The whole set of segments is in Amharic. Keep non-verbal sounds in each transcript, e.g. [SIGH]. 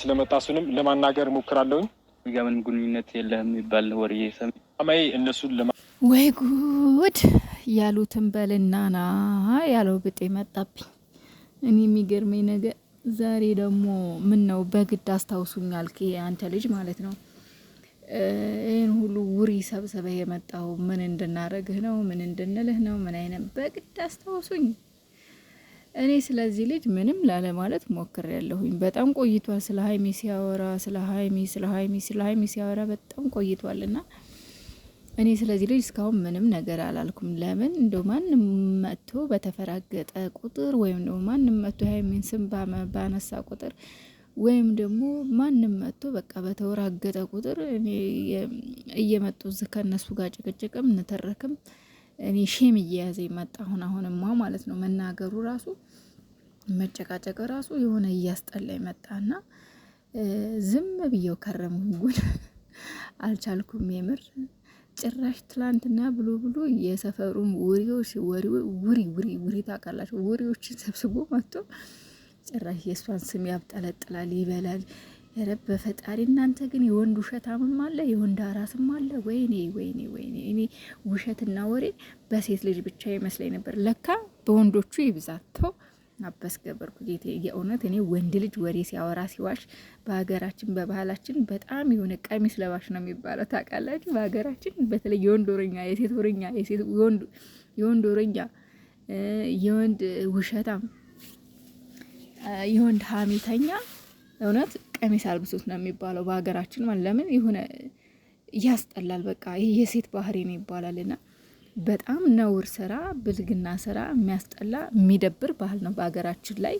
ስለመጣሱንም ለማናገር እሞክራለሁኝ። እዚጋ ምንም ግንኙነት የለህም የሚባል ወሬ ሰማይ እነሱን ለማ ወይ ጉድ ያሉትን በልና ና ያለው ብጤ መጣብኝ። እኔ የሚገርመኝ ነገር ዛሬ ደግሞ ምን ነው በግድ አስታውሱኛል አንተ ልጅ ማለት ነው ይህን ሁሉ ውሪ ሰብስበህ የመጣው ምን እንድናረግህ ነው? ምን እንድንልህ ነው? ምን አይነት በግድ አስታውሱኝ። እኔ ስለዚህ ልጅ ምንም ላለማለት ሞክር ያለሁኝ። በጣም ቆይቷል ስለ ሀይሚ ሲያወራ ስለ ሀይሚ ስለ ሀይሚ ስለ ሀይሚ ሲያወራ በጣም ቆይቷል ና እኔ ስለዚህ ልጅ እስካሁን ምንም ነገር አላልኩም። ለምን እንደው ማንም መጥቶ በተፈራገጠ ቁጥር ወይም ደግሞ ማንም መጥቶ ሀይሚን ስም ባነሳ ቁጥር ወይም ደግሞ ማንም መጥቶ በቃ በተወራገጠ ቁጥር እኔ እየመጡ ከእነሱ ጋር ጭቅጭቅም እንተረክም እኔ ሼም እየያዘ ይመጣ አሁን አሁንማ ማለት ነው መናገሩ ራሱ መጨቃጨቅ ራሱ የሆነ እያስጠላ ይመጣና ዝም ብየው ከረምኩኝ። ጉድ [LAUGHS] አልቻልኩም የምር ጭራሽ ትላንትና ብሎ ብሎ የሰፈሩን ውሪዎች ወሪ ውሪ ውሪ ታውቃላችሁ፣ ውሪዎችን ሰብስቦ መጥቶ ጭራሽ የእሷን ስም ያብጠለጥላል፣ ይበላል። ኧረ በፈጣሪ እናንተ ግን የወንድ ውሸታምም አለ፣ የወንድ አራስም አለ። ወይኔ ወይኔ ወይኔ! እኔ ውሸትና ወሬ በሴት ልጅ ብቻ ይመስለኝ ነበር፣ ለካ በወንዶቹ ይብዛት። ተው አበስ ገበርኩ ጌቴ። የእውነት እኔ ወንድ ልጅ ወሬ ሲያወራ ሲዋሽ፣ በሀገራችን በባህላችን በጣም የሆነ ቀሚስ ለባሽ ነው የሚባለው ታውቃላችሁ። በሀገራችን በተለይ የወንድ ወረኛ፣ የሴት ወረኛ፣ የወንድ ወረኛ፣ የወንድ ውሸታም፣ የወንድ ሀሜተኛ እውነት ቀሚስ አልብሱት ነው የሚባለው በሀገራችን ማለት ለምን የሆነ ያስጠላል። በቃ ይህ የሴት ባህሪ ነው ይባላል። እና በጣም ነውር ስራ፣ ብልግና ስራ፣ የሚያስጠላ የሚደብር ባህል ነው በሀገራችን ላይ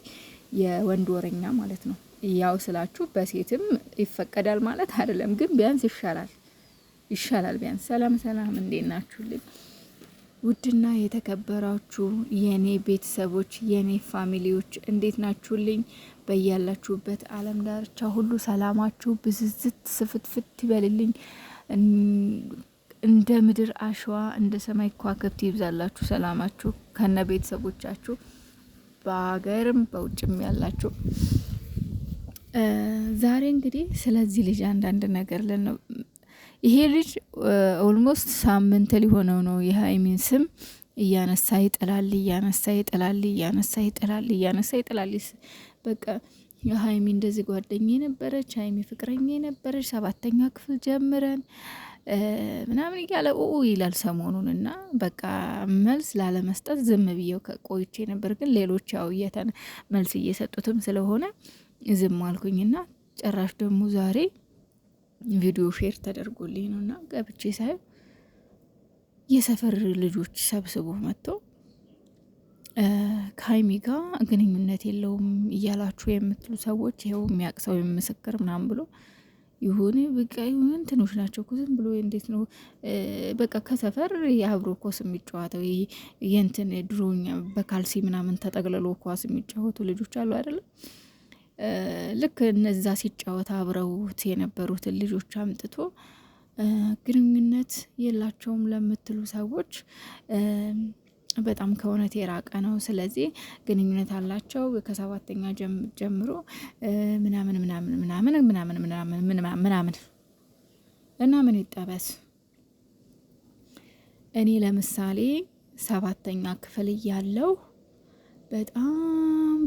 የወንድ ወረኛ ማለት ነው። ያው ስላችሁ በሴትም ይፈቀዳል ማለት አይደለም፣ ግን ቢያንስ ይሻላል ይሻላል ቢያንስ። ሰላም ሰላም፣ እንዴት ናችሁልኝ? ውድና የተከበራችሁ የኔ ቤተሰቦች የኔ ፋሚሊዎች እንዴት ናችሁልኝ? በያላችሁበት ዓለም ዳርቻ ሁሉ ሰላማችሁ ብዝዝት ስፍትፍት ይበልልኝ። እንደ ምድር አሸዋ እንደ ሰማይ ከዋክብት ይብዛላችሁ። ሰላማችሁ ከነ ቤተሰቦቻችሁ በሀገርም በውጭም ያላችሁ ዛሬ እንግዲህ ስለዚህ ልጅ አንዳንድ ነገር ይሄ ልጅ ኦልሞስት ሳምንት ሊሆነው ነው የሀይሚን ስም እያነሳ ይጥላል እያነሳ ይጥላል እያነሳ ይጥላል እያነሳ ይጥላል። በቃ ሀይሚ እንደዚህ ጓደኛ የነበረች ሀይሚ ፍቅረኛ የነበረች ሰባተኛ ክፍል ጀምረን ምናምን እያለ ኡ ይላል ሰሞኑን እና በቃ መልስ ላለመስጠት ዝም ብዬው ከቆይቼ ነበር። ግን ሌሎች ያው መልስ እየሰጡትም ስለሆነ ዝም አልኩኝና ጭራሽ ደግሞ ዛሬ ቪዲዮ ሼር ተደርጎልኝ ነው እና ገብቼ ሳይ የሰፈር ልጆች ሰብስቦ መጥቶ ከሀይሚ ጋ ግንኙነት የለውም እያላችሁ የምትሉ ሰዎች ይኸው የሚያቅሰው የምስክር ምናምን ብሎ ይሁን በቃ ይሁን እንትኖች ናቸው እኮ ዝም ብሎ እንዴት ነው በቃ ከሰፈር የአብሮ ኳስ የሚጫወተው የእንትን ድሮኛ በካልሲ ምናምን ተጠቅልሎ ኳስ የሚጫወቱ ልጆች አሉ አይደለም ልክ እነዛ ሲጫወት አብረውት የነበሩትን ልጆች አምጥቶ ግንኙነት የላቸውም ለምትሉ ሰዎች በጣም ከእውነት የራቀ ነው። ስለዚህ ግንኙነት አላቸው ከሰባተኛ ጀምሮ ምናምን ምናምን ምናምን ምናምን ምናምን ምናምን እና ምን ይጠበስ። እኔ ለምሳሌ ሰባተኛ ክፍል እያለሁ በጣም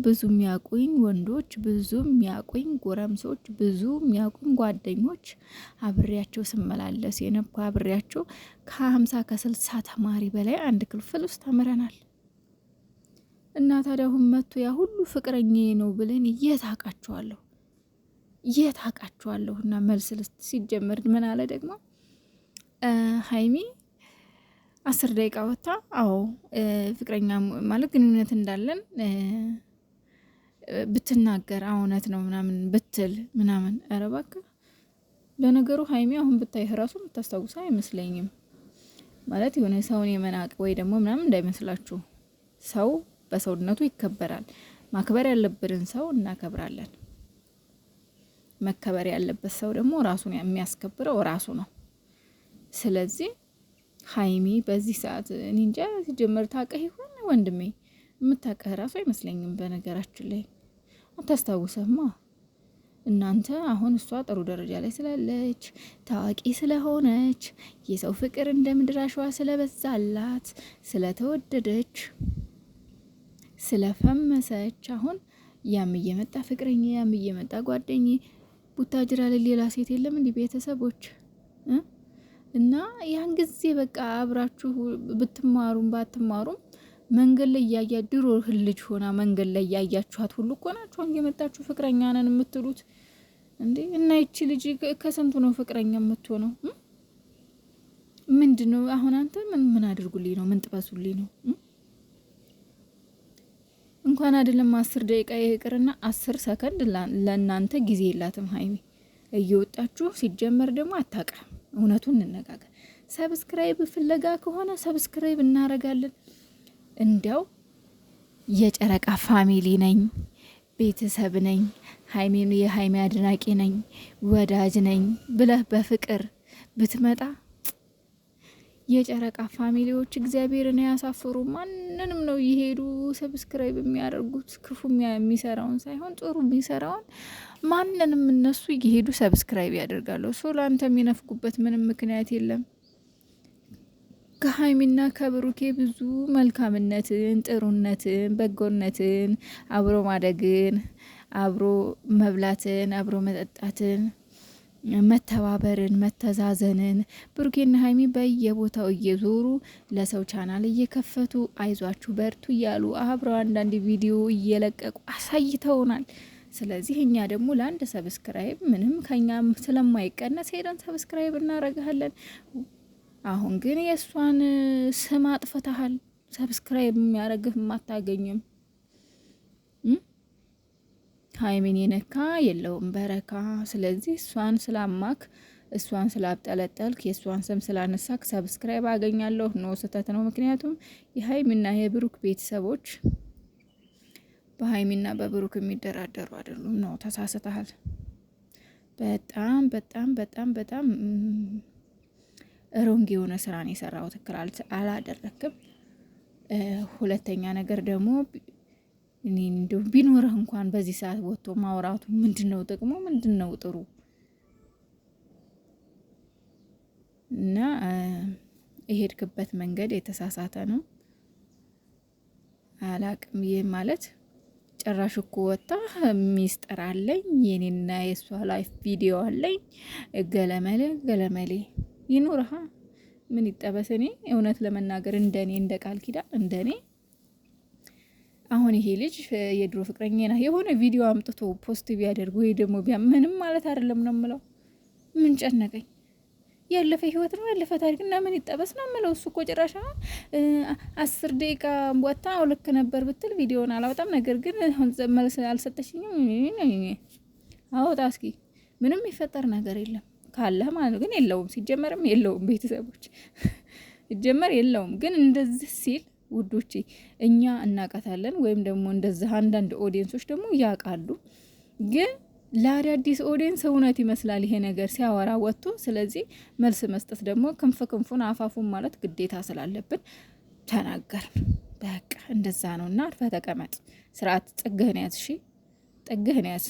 ብዙ የሚያቁኝ ወንዶች፣ ብዙ የሚያቁኝ ጎረምሶች፣ ብዙ የሚያቁኝ ጓደኞች አብሬያቸው ስመላለስ የነብኩ አብሬያቸው ከሀምሳ ከስልሳ ተማሪ በላይ አንድ ክፍል ውስጥ ተምረናል። እና ታዲያ አሁን መጥቶ ያ ሁሉ ፍቅረኛ ነው ብለን የት አውቃቸዋለሁ የት አውቃቸዋለሁ? እና መልስ ልስጥ ሲጀመር ምን አለ ደግሞ ሀይሚ አስር ደቂቃ ወጥታ አዎ ፍቅረኛ ማለት ግንኙነት እንዳለን ብትናገር እውነት ነው ምናምን ብትል ምናምን ኧረ እባክህ። ለነገሩ ሀይሚ አሁን ብታይ ራሱ የምታስታውሰ አይመስለኝም። ማለት የሆነ ሰውን የመናቅ ወይ ደግሞ ምናምን እንዳይመስላችሁ። ሰው በሰውነቱ ይከበራል። ማክበር ያለብንን ሰው እናከብራለን። መከበር ያለበት ሰው ደግሞ ራሱን የሚያስከብረው ራሱ ነው። ስለዚህ ሀይሚ በዚህ ሰዓት እኔ እንጃ ሲጀመር ታውቀህ ይሆን ወንድሜ? የምታውቀህ ራሱ አይመስለኝም። በነገራችን ላይ አታስታውሰማ። እናንተ አሁን እሷ ጥሩ ደረጃ ላይ ስላለች ታዋቂ ስለሆነች የሰው ፍቅር እንደ ምድር አሸዋ ስለበዛላት ስለተወደደች ስለፈመሰች አሁን ያም እየመጣ ፍቅረኛ ያም እየመጣ ጓደኝ ቡታጅራ ላይ ሌላ ሴት የለም እንዲህ ቤተሰቦች እና ያን ጊዜ በቃ አብራችሁ ብትማሩም ባትማሩም መንገድ ላይ እያያ ድሮ ልጅ ሆና መንገድ ላይ እያያችኋት ሁሉ እኮ ናችሁ የመጣችሁ ፍቅረኛ ነን የምትሉት እንዴ? እና ይቺ ልጅ ከስንቱ ነው ፍቅረኛ የምትሆነው? ምንድን ነው አሁን አንተ ምን ምን አድርጉልኝ ነው ምን ጥበሱልኝ ነው? እንኳን አይደለም አስር ደቂቃ ይቅርና አስር ሰከንድ ለእናንተ ጊዜ የላትም ሀይሚ እየወጣችሁ ሲጀመር ደግሞ አታውቅም። እውነቱን እንነጋገር። ሰብስክራይብ ፍለጋ ከሆነ ሰብስክራይብ እናረጋለን። እንዲያው የጨረቃ ፋሚሊ ነኝ፣ ቤተሰብ ነኝ፣ ሀይሜኑ የሀይሜ አድናቂ ነኝ፣ ወዳጅ ነኝ ብለህ በፍቅር ብትመጣ የጨረቃ ፋሚሊዎች እግዚአብሔርን ያሳፍሩ። ማንንም ነው እየሄዱ ሰብስክራይብ የሚያደርጉት ክፉ የሚሰራውን ሳይሆን ጥሩ የሚሰራውን ማንንም እነሱ እየሄዱ ሰብስክራይብ ያደርጋሉ። ሶ ለአንተ የሚነፍጉበት ምንም ምክንያት የለም። ከሀይሚና ከብሩኬ ብዙ መልካምነትን፣ ጥሩነትን፣ በጎነትን፣ አብሮ ማደግን፣ አብሮ መብላትን፣ አብሮ መጠጣትን መተባበርን መተዛዘንን ብሩኬና ሀይሚ በየቦታው እየዞሩ ለሰው ቻናል እየከፈቱ አይዟችሁ በርቱ እያሉ አብረው አንዳንድ ቪዲዮ እየለቀቁ አሳይተውናል። ስለዚህ እኛ ደግሞ ለአንድ ሰብስክራይብ ምንም ከኛ ስለማይቀነስ ሄደን ሰብስክራይብ እናረግሃለን። አሁን ግን የእሷን ስም አጥፍተሃል። ሰብስክራይብ የሚያደርግህ አታገኝም። ሀይሚን የነካ የለውም በረካ። ስለዚህ እሷን ስላማክ እሷን ስላብጠለጠልክ የእሷን ስም ስላነሳክ ሰብስክራይብ አገኛለሁ ኖ ስህተት ነው። ምክንያቱም የሀይሚና የብሩክ ቤተሰቦች በሀይሚና በብሩክ የሚደራደሩ አይደሉም። ነው ተሳስተሃል። በጣም በጣም በጣም በጣም ሮንግ የሆነ ስራን የሰራው ትክክል አላደረክም። ሁለተኛ ነገር ደግሞ እኔ እንዲሁ ቢኖረህ እንኳን በዚህ ሰዓት ወጥቶ ማውራቱ ምንድን ነው ጥቅሙ? ምንድን ነው ጥሩ? እና የሄድክበት መንገድ የተሳሳተ ነው። አላቅም ይህ ማለት ጭራሽ እኮ ወጣ ሚስጥር አለኝ የኔና የእሷ ላይፍ ቪዲዮ አለኝ ገለመሌ ገለመሌ ይኑርሃ ምን ይጠበስ። እኔ እውነት ለመናገር እንደኔ እንደ ቃል ኪዳን እንደኔ አሁን ይሄ ልጅ የድሮ ፍቅረኛ ና የሆነ ቪዲዮ አምጥቶ ፖስት ቢያደርግ ወይ ደግሞ ቢያ ምንም ማለት አይደለም ነው ምለው። ምን ጨነቀኝ? ያለፈ ህይወት ነው ያለፈ ታሪክ እና ምን ይጠበስ ነው ምለው። እሱ እኮ ጭራሽ አሁን አስር ደቂቃ ቦታ አውልክ ነበር ብትል ቪዲዮን አላወጣም። ነገር ግን መልስ አልሰጠሽኝም። አውጣ እስኪ ምንም የሚፈጠር ነገር የለም ካለህ ማለት ነው። ግን የለውም ሲጀመርም የለውም ቤተሰቦች ሲጀመር የለውም ግን እንደዚህ ሲል ውዶቼ። እኛ እናውቃታለን ወይም ደግሞ እንደዚህ አንዳንድ ኦዲየንሶች ደግሞ ያውቃሉ ግን ለአዳዲስ ኦዲየንስ እውነት ይመስላል ይሄ ነገር ሲያወራ ወጥቶ። ስለዚህ መልስ መስጠት ደግሞ ክንፍ ክንፉን አፋፉን ማለት ግዴታ ስላለብን ተናገር። በቃ እንደዛ ነው እና አርፈ ተቀመጥ። ስርዓት ጥግህን ያዝ። ጥግህን ያዝ።